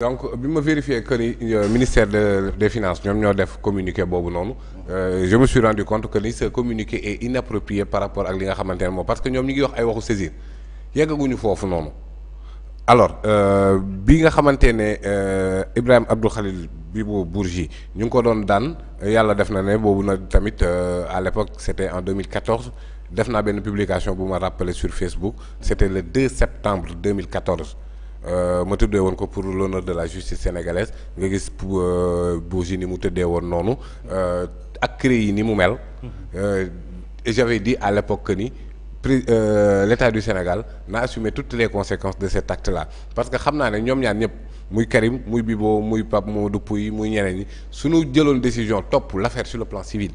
donc je me vérifié que le euh, ministère de des finances a ñoo def communiqué boobu noonu euh, je me suis rendu compte que ni ce communiqué est inapproprié par rapport à li nga xamante ne parce que nous ñi ngi wax ay waxu saisir yeggaguñu foofu alors euh, bi nga xamante ne Ibrahim Abdou Khalil Bibo boobu Bourgi ñu ngi ko doon daan yàlla def na ne na tamit à l'époque c'était en 2014 def naa une publication bu rappelé sur Facebook c'était le 2 septembre 2014 euh, ma tuddee woon ko pour l'honneur de la justice sénégalaise nga gis pour euh, ni mu tëddee woon euh ak créé ni mu mel. Euh, et j'avais dit à l'époque que ni l'État du Sénégal n'a assumé toutes les conséquences de cet acte là parce que xamna né ñom ñoom ñaar ñëpp. muy Karim muy Bibo muy Pape Modou Pouy muy ñeneen ñi su ñu décision top l'affaire sur le plan civil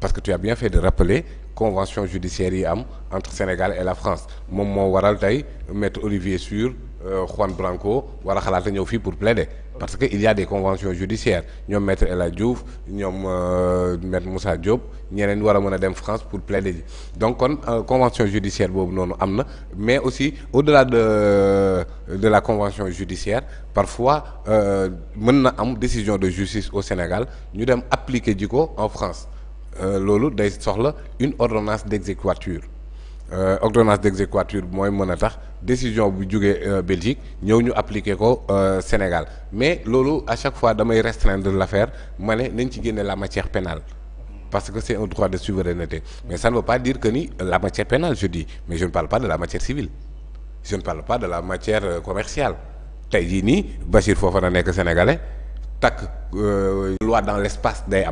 parce que tu as bien fait de rappeler convention judiciaire entre Sénégal et la France mon moo waral tey maître Olivier Sur euh, Juan Blanco, war xalaté ñeu fi pour plaider parce que il y a des conventions judiciaires ñom maître El Hadj nous euh, maître Moussa Diop ñeneen war mëna dem France pour plaider donc euh, convention judiciaire bobu noonu amna mais aussi au-delà de de la convention judiciaire parfois mën na am décision de justice au Sénégal ñu dem appliquer jiko en France lolu day soxla une ordonnance d'exécution euh, ordonnance d'exécution décision bu euh, Belgique nous appliquons au euh, Sénégal mais à chaque fois damay restreindre l'affaire de ne ci la matière pénale parce que c'est un droit de souveraineté mais ça ne veut pas dire que ni la matière pénale je dis mais je ne parle pas de la matière civile je ne parle pas de la matière commerciale ne ni pas Bachir Fofana nek sénégalais takk euh, loi dans l'espace des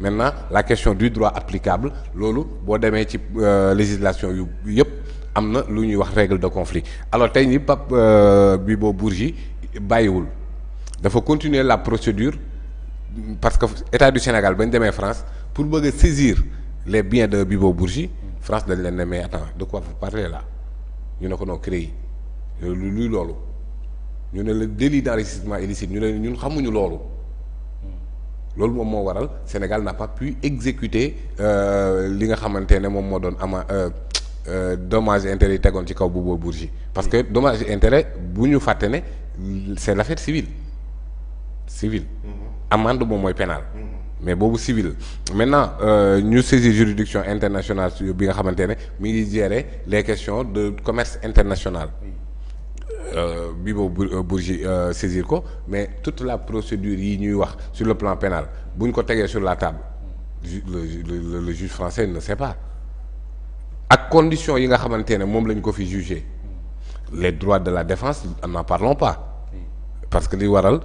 maintenant la question du droit applicable loolu bo démé ci euh, législation yu yëpp amna lu ñuy wax règle de conflit alors tay ni Pape euh, Bibo Bourgi Il faut continuer la procédure parce que état du Sénégal ben démé France pour bëgg saisir les biens de Bibo Bourgi France dañ leen némé mais attends de quoi vous parlez là ñu ne ko non CREI lu lolu ñu ne le délit d'enrichissement illicite nous ne ñun xamuñu loolu le moment waral Sénégal n'a pas pu exécuter euh, li nga euh, euh, dommage intérêt à ci parce que dommage intérêt si nous né c'est l'affaire civile civile mm-hmm. amende au moment pénal mm-hmm. mais boobu civil maintenant ñu saisissons saisir juridiction internationale bi nga xamante mi les questions de commerce international euh, Bibo euh, euh, saisir mais toute la procédure yi ñuy wax sur le plan pénal buñ sur la table le juge français ne sait pas à condition yi nga jugé les droits de la défense n'en parlons pas parce que li waral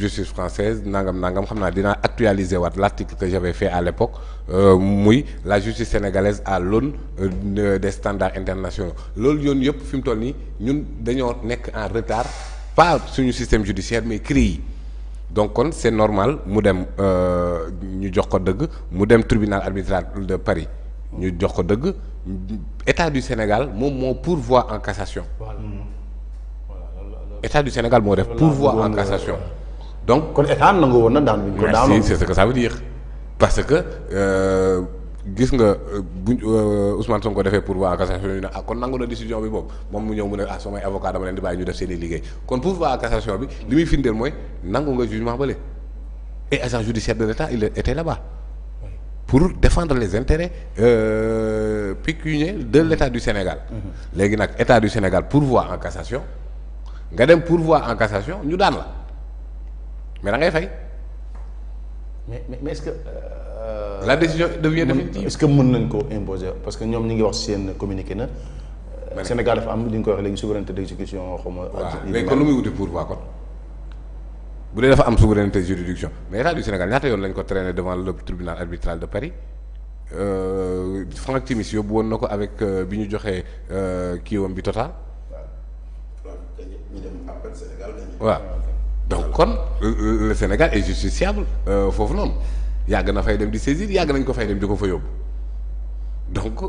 justice française nangam nangam xamna vais actualiser l'article que j'avais fait à l'époque euh, la justice sénégalaise a l'aune euh, des standards internationaux Lol yoon nous fi en retard pas le système judiciaire mais CREI donc c'est normal nous dem euh, ñu jox tribunal arbitral de Paris Nous jox ko l'état état du Sénégal nous moo pourvoi en cassation. L'état État du Sénégal moo def pourvoi en cassation donc kon état nangou woon na daan bi ko daanoon c'est ce que ça veut dire parce que euh, gis nga euh, euh, Ousmane Sonko defee pour voir cassation ñu ah, kon nangou na décision bi bob mom mu ñëw mu ne ah samay avocat dama len di bay ñu def seen liguey kon pourvoi cassation bi limi findel moy nangou nga jugement balé et agent judiciaire de l'État il était là-bas pour défendre les intérêts euh, pécuniaires de l'État du Sénégal mm-hmm. léegi nag État du Sénégal pourvoi en cassation nga dem pourvoi en cassation ñu daan la mais da ngay fay. mais mais est-ce que. Euh, la décision devient définitive. est-ce que mën nañ ko imposer parce que ñom ñi ngi wax seen communiqué na. Sénégal dafa am li ñu koy wax légui souveraineté d'exécution xaw ma. waaw kon lu muy wuti pour quoi kon. bu dee dafa am souveraineté de juridiction mais état du Sénégal ñaata yoon lañ ko traîner devant le tribunal arbitral de Paris euh, Franck Timis yóbbu woon na ko avec euh, bi ñu joxee euh, kiiwam bi total. waaw ñu dem Sénégal waaw donc kon euh, euh, le Sénégal est justiciable euh, foofu noonu yàgg na fay dem di saisir yàgg nañ ko fay dem di ko fa yóbbu donc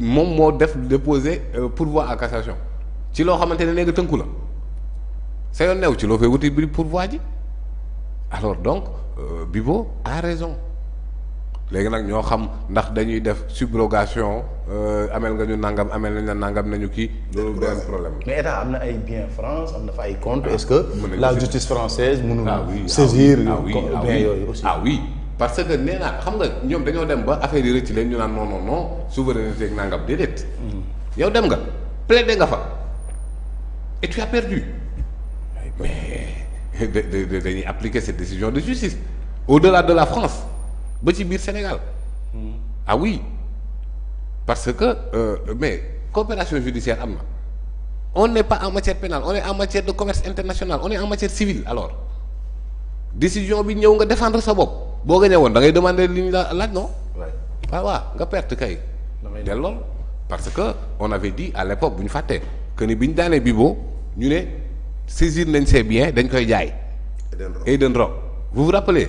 mon mot def déposer pourvoi à cassation ci loo xamante ne léegi tënku la sa yoon new ci loo fay wuti bi pourvoi ji alors donc Bibo a raison léegi nak ñoo xam ndax dañuy def subrogation euh amel nga ñu nangam amel nañ la nangam nañu kii. loolu benn problème mais état amna ay bien France amna fa ay compte ah, est-ce que. la justice française mënu saisir bien yooyu ah oui parce que néna xam nga ñom dañoo dem ba affaire yi rëcc leen ñu naan non non non souveraineté ak nangam déedéet. Hmm. yow dem nga plaider nga fa et tu as perdu mais dañuy appliquer cette décision de justice au-delà de la France ba ci Sénégal hmm. ah oui parce que euh, mais coopération judiciaire on n'est pas en matière pénale on est en matière de commerce international on est en matière civile alors décision bi ñëw nga défendre sa bopp boo gañe woon da ngay demander li ñu non waaw waaw nga perte kay parce que on avait dit à l'époque bu ñu que ni biñ ñu Bibo ñu ne saisir nañ ses biens dañ koy jaay vous vous rappelez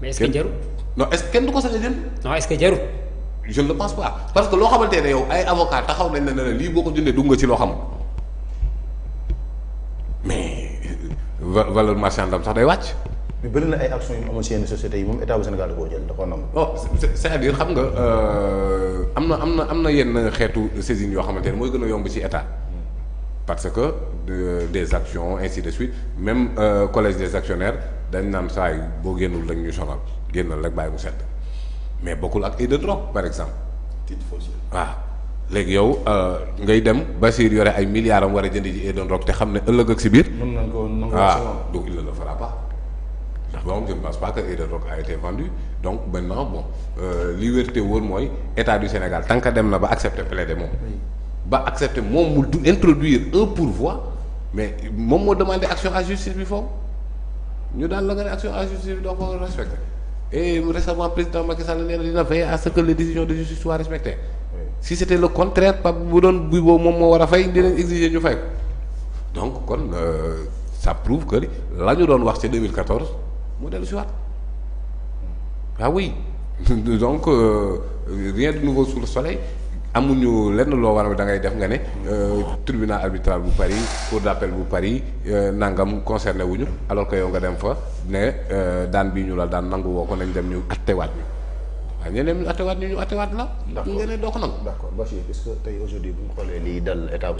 mais est ce que jarul. non est ce kenn du ko sañ a non est ce que jarul. je ne pense pas parce que lo xamantene yow ay avocat taxaw nañ ne ne lii boo ko jëndee nga ci lo xam mais euh, valeur marchande sax day wacc mais bëri na ay actions yu mu amoon si yenn yi mom état bu Sénégal da koo jël da ko nam oh c'est-à-dire xam nga euh amna amna amna am na yenn xeetu saisine yo xamantene moy gëna yomb ci état. parce que des actions ainsi de suite même euh, collège des actionnaires dañ naan saa yi boo génnul ñu sonal génnal rek bàyyi mu sedd mais bokul ak idée drop par exemple. tit foncier waaw. léegi yow euh ngay dem Basir yore ay milliards wara war a jënd ci Eden Rock te xam ne ak ci biir. mën nañ koo mën waaw donc il ne le fera pas. ndax moom je ne pense pas que Eden drop a été vendu donc maintenant bon li wér te moy état du Sénégal tant que dem na ba accepter plaider mom ba accepter moom mu introduire un pourvoi mais mom mo demander action à justice bi foofu. Nous donnons la réaction à la justice nous devons ko et récemment président Macky Sall nee à ce que les décisions de justice soient respectées si c'était le contraire nous bu doon bu boobu exiger donc euh, ça prouve que l'année ñu c'est 2014 nous modèle le ah oui donc euh, rien de nouveau sous le soleil amuñu lenn loo waral da ngay def nga ne euh, tribunal arbitral bu Paris cour d'appel bu Paris euh, nangam wu ñu alors que yow nga dem fa ne euh, daan bii ñu la daan nangu woo ko nañ dem ñu waat ñu waaw ñeneen ñu attewaat ñu ñu attewaat la. nga ne doo ko nangu. d'accord Bachir que tey aujourd'hui bu ñu xoolee lii dal état